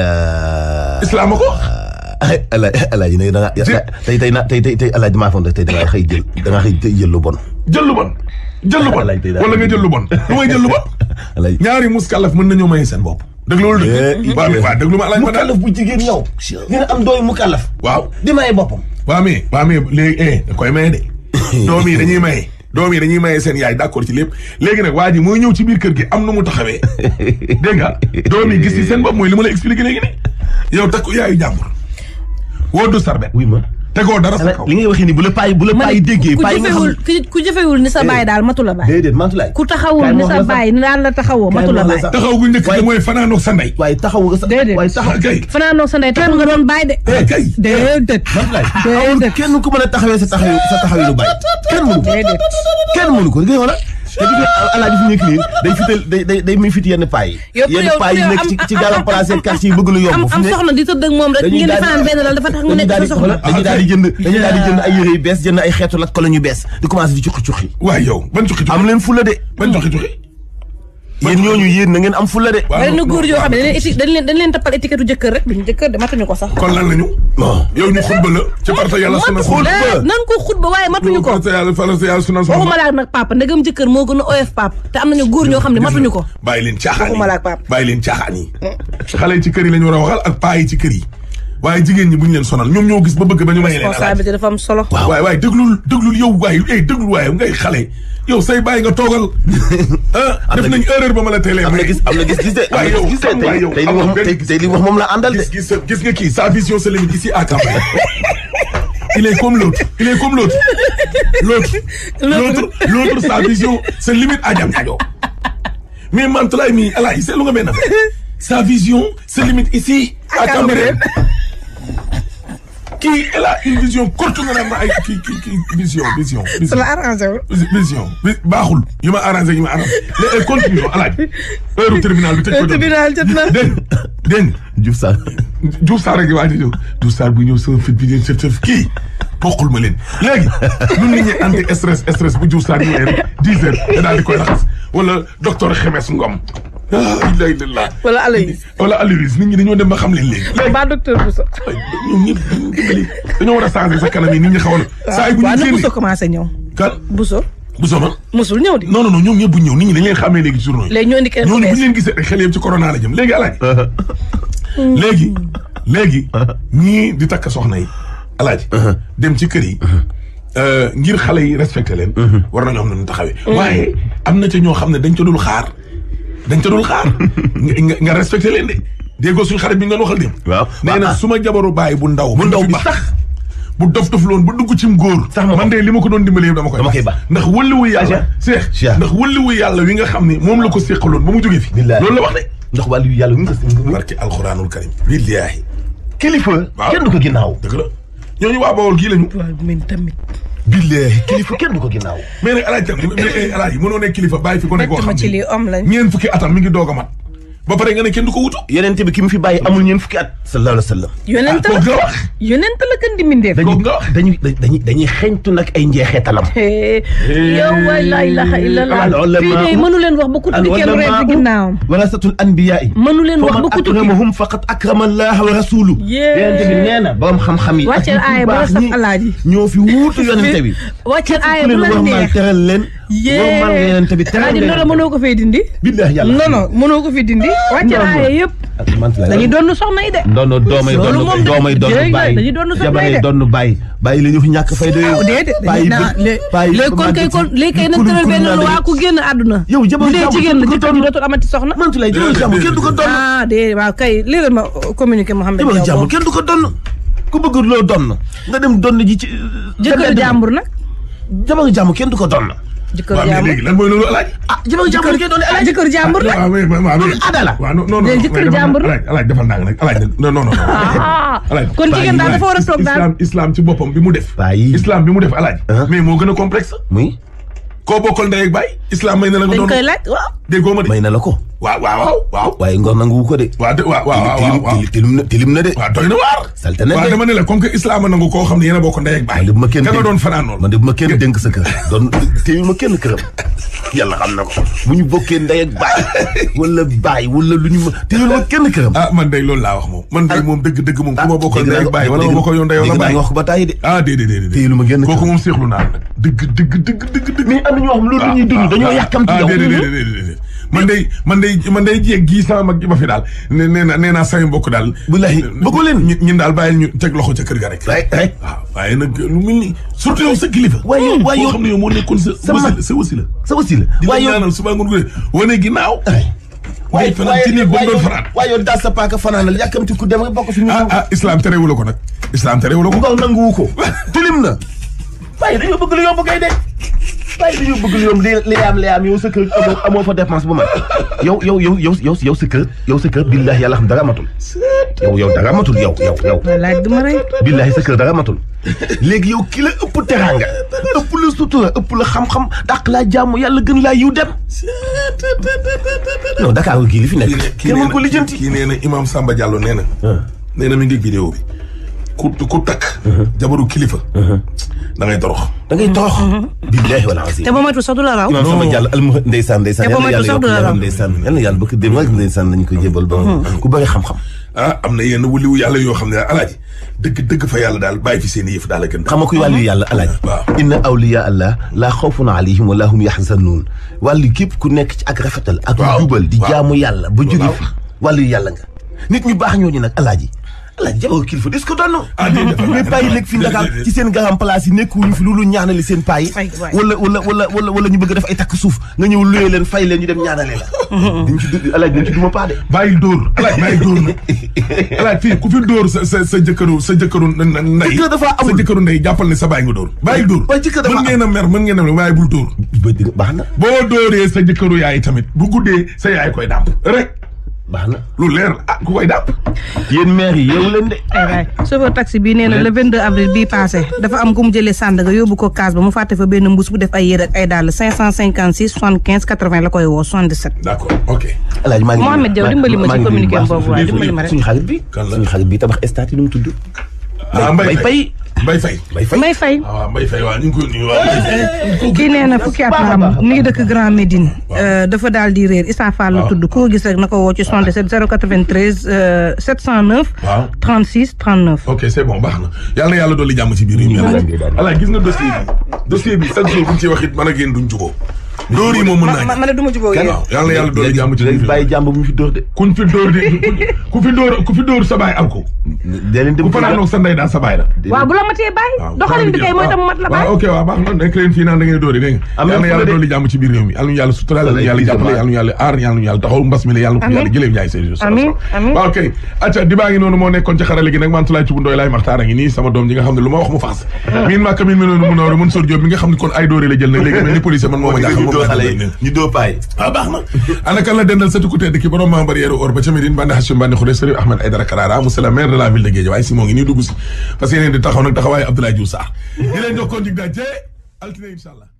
Uh, islam ko. alaaji nag da nga tey tey na tey tey tey alaaji maa ne tey da te xëy jël da nga xëy jël lu bon. jël lu bon jël lu bon wala nga jël lu bon lu may jël lu bon. mu ñaari muskalaf mën nañoo maye seen bopp. dëgg loolu dëgg. waa eh, mi waa dëgg lu ma bu jigéen ñëw. dina am dooy mukallaf. waaw di maye boppam. waa mi waa eh, koy maye de. doom yi doom yi dañuy maye seen yaay d'accord ci lépp léegi nag waa ji mooy ñëw ci biir kër gi am na mu taxawee dégg nga doom yi gis seen bopp mooy li ma la expliqué léegi nii yow takku yaayu jàmbur woo du sarbet. oui ma. tegoo dara sa kaw li ngay waxee ni bu la paay bu la paay déggee. paay nga xam ku jëfewul ni sa baay eh. daal matu la baay. déedéet matu laay ku taxawul ni sa baay ni daal la taxawoo matu la baay. taxaw gu njëkk de mooy fanaanoog sa ndey. waaye taxaw nga sa déedéet waaye taxaw kay. fanaanoog sa ndey taxaw nga doon baay de. Eh, kay déedéet eh, matu laay. déedéet kenn ku mën a taxawee sa taxaw sa taxaw yu lu baay kenn mënu ko kenn mënu ko te bi fi alaaji fi nekk nii day fital day day day muy fit yenn paa yi. yenn paa yi nekk ci ci garam place quartier yi bëgg lu yomb. am soxna di tëdd ak moom rek ngeen fanaan benn lal dafa tax mu nekk soxna. dañuy daal di jënd dañuy daal di jënd ay yére yu bees jënd ay xeetu lakk ko la ñu bees di commencé di cuqi cuqi. waaw yow ban cuqi cuqi am leen fulla de. ban cuqi cuqi. yéen ñooñu yéen na ngeen am fulla de. waaw benn góor yoo xam ne dañ leen tappal étiquette jëkkër rek duñu jëkkër ko sax. kon lan lañu. yow ñu xutba la. ci farata yàlla sunna xutba eh, nan ko xutba waaye matuñu ko. farata yàlla sunna sunna waxuma laak nag papa ndegam jëkkër moo gën am nañu góor ñoo ko. bàyyi leen leen caaxaan yi. Eh. xale yi ci kër yi lañu war a waxal ak paa yi ci kër waaye jigéen ñi bu ñu leen sonal ñoom ñoo gis ba bëgg ba ñu may leen responsabilité solo waaye waaye déglul déglul waaye eh, ay déglul waaye ngay xale yow say bàyyi nga toogal ah def nañ erreur ba ma la teelee am gis am na gis gis de waaye yow waaye yow tey li wax tey li wax moom la àndal de gis gis nga kii sa vision se limite ici à Kampala il est comme l'autre il est comme l'autre l'autre l'autre l'autre sa vision se limite à Diamniadio mais mi ala yi seetlu nga benn kii elle a une vision courte nga naan ma ay kii kii kii vision vision. vision la arrangé wul. vision baaxul. yi ma arrangé yi ma arrangé mais eh, continuons alaaj heure tribunal bi tëj na dégg dégg Diouf Sarr. Diouf rek waa di ñëw Diouf Sarr ñëw sama fit bi ñëw sëf sëf kii bokkul ma leen léegi ñun nit ñi anti stress stress bu Diouf Sarr ñëwee rek dix heures di koy laxas wala docteur Xemes Ngom. Ah, wala Aloyse wala Aloyse nit ñi dañoo dem ba xam leen léegi. ba docteur Bousso. ñoom ñëpp dañoo war a changé sa kanam yi nit ñi xawoon. Ah, saa yi bu ñu génnee Bousso commencé ñëw. kan Bousso. Bousso man. mosul ñëw di. non non non ñoom ñëpp bu ñu ñëw nit ñi dañ leen xàmmee léegi journaux yi. léegi ñoo indi kenn ku bees ñooñu bu ñu leen gisee xel yëpp ci corona la jëm léegi alaaj. Uh-huh. Hmm. léegi léegi. Uh-huh. ñii di takk soxna yi. alaaj uh-huh. dem ci kër yi. Euh, ngir xale yi respecté leen. war nañoo am na ñu taxawee. Hmm. waaye am na ca ñoo xam ne dañ ca dul xaar dañ ca dul xaar nga respecté leen de déggoo suñu xarit bi nga doon waxal dem waaw na ah, ah. su ma jabaru bàyyi bu ndaw bu ndaw ba sax bu dof dof loon bu dugg cim góor man de li ma ko doon dimbalee dama koy ba ndax wëlliwu ah, yàlla seex ndax wëlliwu yàlla wi nga xam ne moom la ko séqaloon ba mu jógee fi loolu la wax de ndax wàllu yàlla wi nga barke alxuraanul karim billaahi kilifa kenn du ko ginnaaw dëgg la ñooñu waa Bawol kii lañu tamit billahi kilifa kenn du ko ginnaaw mais nag alaaji alaaji kilifa bàyyi fi ko nekk koo xam ne mi ngi doog a mat ba pare nga ne kenn du ko wutu. yonent bi ki mu fi bàyyi amul ñeent fukki at. sallallahu alayhi wa sallam. yonent la ah, nga wax yonent la gën di mindeef. dañuy dañuy dañuy xeeñtu nag ay njeexitalam. yow waay laa ilaaha illallah fii de mënu leen wax ba ku tudd kenn reer ci ginnaawam. warasatul anbiyaa yi. mënu leen wax ba ku tudd akramahum faqad akrama allah wa rasuluhu. yonent bi nee na borom xam-xam yi. wàcceel aaya ba saf alaaji ñoo fi wuutu yonent bi. wàcceel aaya bu la neex teral leen yéen man yonent bi teraanga yi loolu mënoo ko fee dindi. billahi yàlla non non mënoo ko fi dindi. wàcc naa yëpp. dañuy doon soxna yi de. doon doomay doon doomay doon bàyyi dañuy doon soxna yi doon bàyyi bàyyi la ñu fi ñàkk fay doyoo. bàyyi bàyyi léegi kon kay kon léegi kay nañ tëral benn waa ku génn àdduna. yow jamono jàmm jigéen la jëkkër ji dootul amati soxna. mantu lay jamono jàmm kenn du ko doon. ah déedéet waaw kay léeral ma uh, communiqué Mouhamed. kenn du ko doon ku bëgg loo doon nga dem doon ji ci. jëkkër jàmbur nag. jamono jàmm kenn du ko doon. jëkkër jàmbur waaw léegi lan mooy loolu alaaj. ah jëkkër jàmbur kay doon alaaj jëkkër jàmbur la. waaw ah, ah, waaw ada la waaw ah, la alaaj defal naa nag alaaj non non non alaaj kon jigéen daal dafa war a toog daal islam islam ci boppam bi mu def islam bi mu def alaaj mais moo gën a complexe muy koo bokkal ndey ak baay islam may na la ko doon dañ koy laaj waaw déggoo may na la ko waaw waaw waaw. waaye ngor nanguwu ko de. waaw de waaw waaw tilim na tilim na de. waaw doy na waar. salte na de waaw dama ne la comme que islam nangu koo xam ne yéen a bokk ndey ak baay. man de bu ma kenn dénk doon fanaan noonu. man de bu ma kenn dénk sa kër. doon téyu ma kenn këram. yàlla xam na ko. bu ñu bokkee ndey ak baay wala baay wala lu ñu ma téyul ma kenn këram. ah man de loolu laa wax moom. man de ah. moom dëgg dëgg moom ku ma bokkal ah, ndey ak baay wala ma bokkal yoon ndey wala baay. wax ko ba tàyyi de. ah déedéet déedéet téyul ma kenn këram kooku moom seexlu naa dëgg dëgg dëgg dëgg ah. mais am na ñoo xam loolu ñuy dund dañoo yàkkamti yow man day man day man day jéeg gii sama mag ji ba fi daal nee naa nee naa sama mbokk daal. wallaahi bëggu leen ñu ñun daal ñu teg loxo ca kër ga rek. waay waay waaw waaye nag lu yow sa kilifa. waay yow hmm, waay yow xam ne yow moo nekkoon sa. sa wasila sa wasila. sa wasila waay yow di la ñaanal suba ngoon wane ginnaaw. waaye waaye yow daal sa paaka fanaanal yàkkamti ku dem bokk fi. ah ah islam terewul ko nag. islam terewul ko. nga nanguwu ko tilim na. waaye dañoo bëgg lu yomb kay waaye dañoo bëgg ñoom li li am li am yow sa kër amoo amoo fa dépense bu mag yow yow yow yow yow yow sa kër yow sa kër billahi yàlla xam dara matul yow yow dara matul yow yow yow laaj duma rey billahi sa kër dara matul léegi yow ki la ëpp teranga ëpp la sutura ëpp la xam-xam dàq laa jàmm yàlla gën laa yiw dem non Dakar gii li fi nekk kenn mën ko lijjanti kii nee na Imam Samba Diallo nee na ah. nee na mi ngi vidéo bi ku ku takk. jabaru da ngay torox. da ngay torox. billahi wala azim. te boo moytuwul sax du la raw. non sama jàll alma ndeysaan ndeysaan. te boo moytuwul sax du la raw ndeysaan yàlla yàlla bëgg dem ak ndeysaan lañ koy jébal ba ku bëgg xam-xam. ah am na yenn waliwu yàlla yoo xam ne alaaji dëgg dëgg fa yàlla daal bàyyi fi seen i yëf daal a gën. xam nga kuy wàllu yàlla alaaji. waaw inna awliya allah laa xawfun alayhim wa laa ku nekk ci ak rafetal. ak jubal di jaamu yàlla ba jóge fi wàllu yàlla nga nit ñu baax ñooñu nag alaaji la jabaru kilifa est que doon na ah, mais paa yi nekk fii fi loolu ñaanali seen paa yi wala wala wala wala wala ñu bëgg ay takk suuf nga ñëw luyee leen fay leen ñu dem ñaanale la dañ ci alaaj dañ ci ku fi door sa sa sa jëkkëru sa jëkkëru ndey jëkkër dafa amul sa jëkkëru jàppal ne sa bàyyi nga dóor bàyyil dóor mën ngeen a mer mën ngeen a baax na boo dóoree sa jëkkëru yaay tamit bu guddee sa yaay koy dàmp rek baax na lu leer ah ku koy dàpp. yéen maire yi yow leen de. aywaay chauffeur taxi bii nee na le 22 avril bii passé dafa am ku mu jëlee Sandaga yóbbu ko kaas ba mu fàtte fa benn mbuus bu def ay yére ak ay dàll 556 75 80 la koy woo 77. d' accord ok. El Hadj maa ngi Mohamed ma ci communiqué boobu waaye dimbali ma rek. suñu xarit bi suñu xarit bi tabax stade yi nu mu tudd. Ah, bay Faye bay Faye waaw ah, Mbaye Faye waaw ñu ngi koy nuyu waaw eh, eh, eh, kii nee na fukki at la am mi ngi dëkk Grand Médine dafa daal di réer Issa Fall la tudd koo gis rek na ko woo ci 77 093 709 36 39 ok c'est bon baax na yàlla na yàlla dolli jàmm ci biir yu mel voilà gis nga dossier bi bu ñu ci wax it a génn duñ jubóo dóor moom mën naa ma ne du ma jubóo yéen yàlla na yàlla dolli jàmm ci biir bàyyi jàmm bu mu fi dóor de kuñ ku fi dóor ku fi dóor sa baay am ko dee leen dem bu fanaanoog sa ndey daal sa baay la waaw bu la matee baay doxalin bi kay mooy tam mat la baay ok waaw baax na nekk leen fii naan da ngeen dóori dégg nga yàlla na yàlla dooli jàmm ci biir réew mi yàlla ñu yàlla sutural yàlla yàlla jàppale yàlla ñu yàlla aar yàlla ñu yàlla taxaw mbas mi la yàlla ñu yàlla jëlee njaay seen amiin amiin waaw kay acca di baa ngi noonu moo nekkoon ci xarale gi nag mantulaay ci bu ndooy laay maxtaar a ngi nii sama doom ji nga xam ne lu ma wax mu faas ah. miin maaka miin mi noonu mu noonu mun sor jóob mi nga xam ne kon ay dóori la jël nag léegi mel ni police man moo ma jaaxal moom ñu doo paay waaw ah, baax na ana kan la dendal sa tukkutee dëkki borom membre yeeru or ba ca Médine bandi Hachim bandi Khouré Sëriñ Ahmed Aïdara Karara monsieur le maire de la la ville de Guédiawaye Simon ngi nii dugg si parce que yéen di taxaw nag taxawaayu Abdoulaye Diouf Sarr di leen jox kon dig daje altine incha allah